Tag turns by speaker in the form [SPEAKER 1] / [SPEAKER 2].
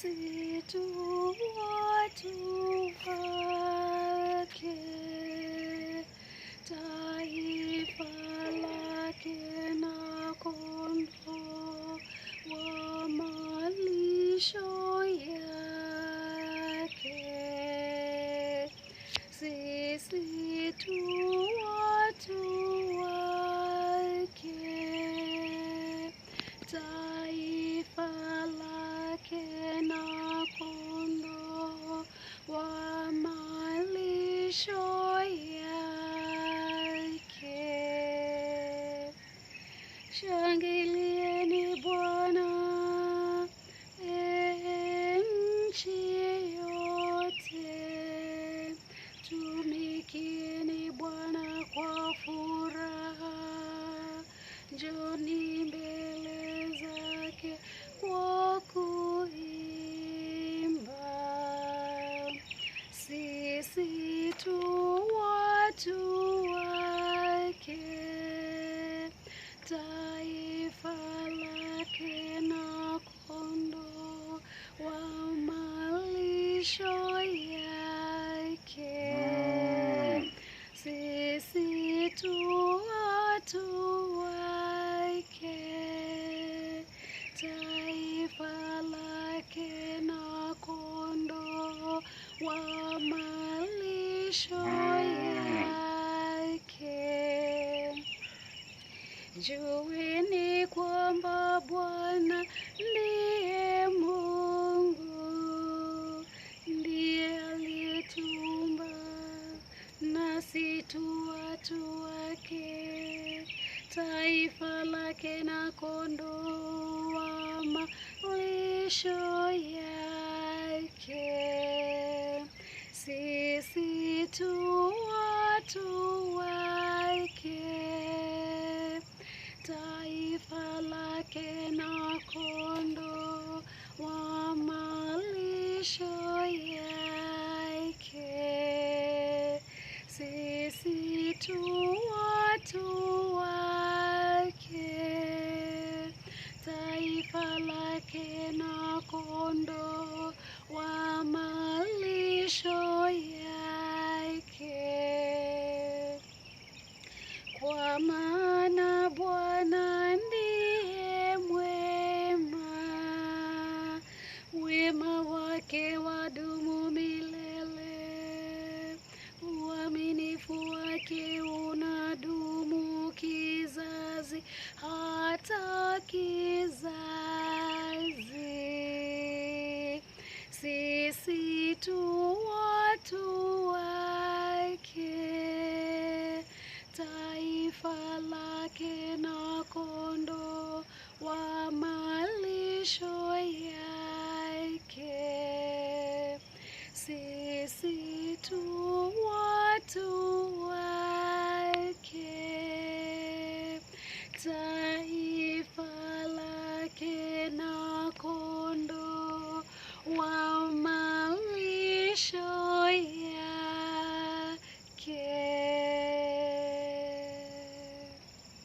[SPEAKER 1] see to what to find. সঙ্গে mwisho yake. Mm. Sisi tu watu wake, taifa lake na kondoo wa malisho yake. Mm. Jueni kwamba Bwana taifa lake na kondoa malisho yake. Sisi tu maana Bwana ndiye mwema, wema wake wadumu milele, uaminifu wake unadumu kizazi hata kizazi. Sisi tu fala na kondo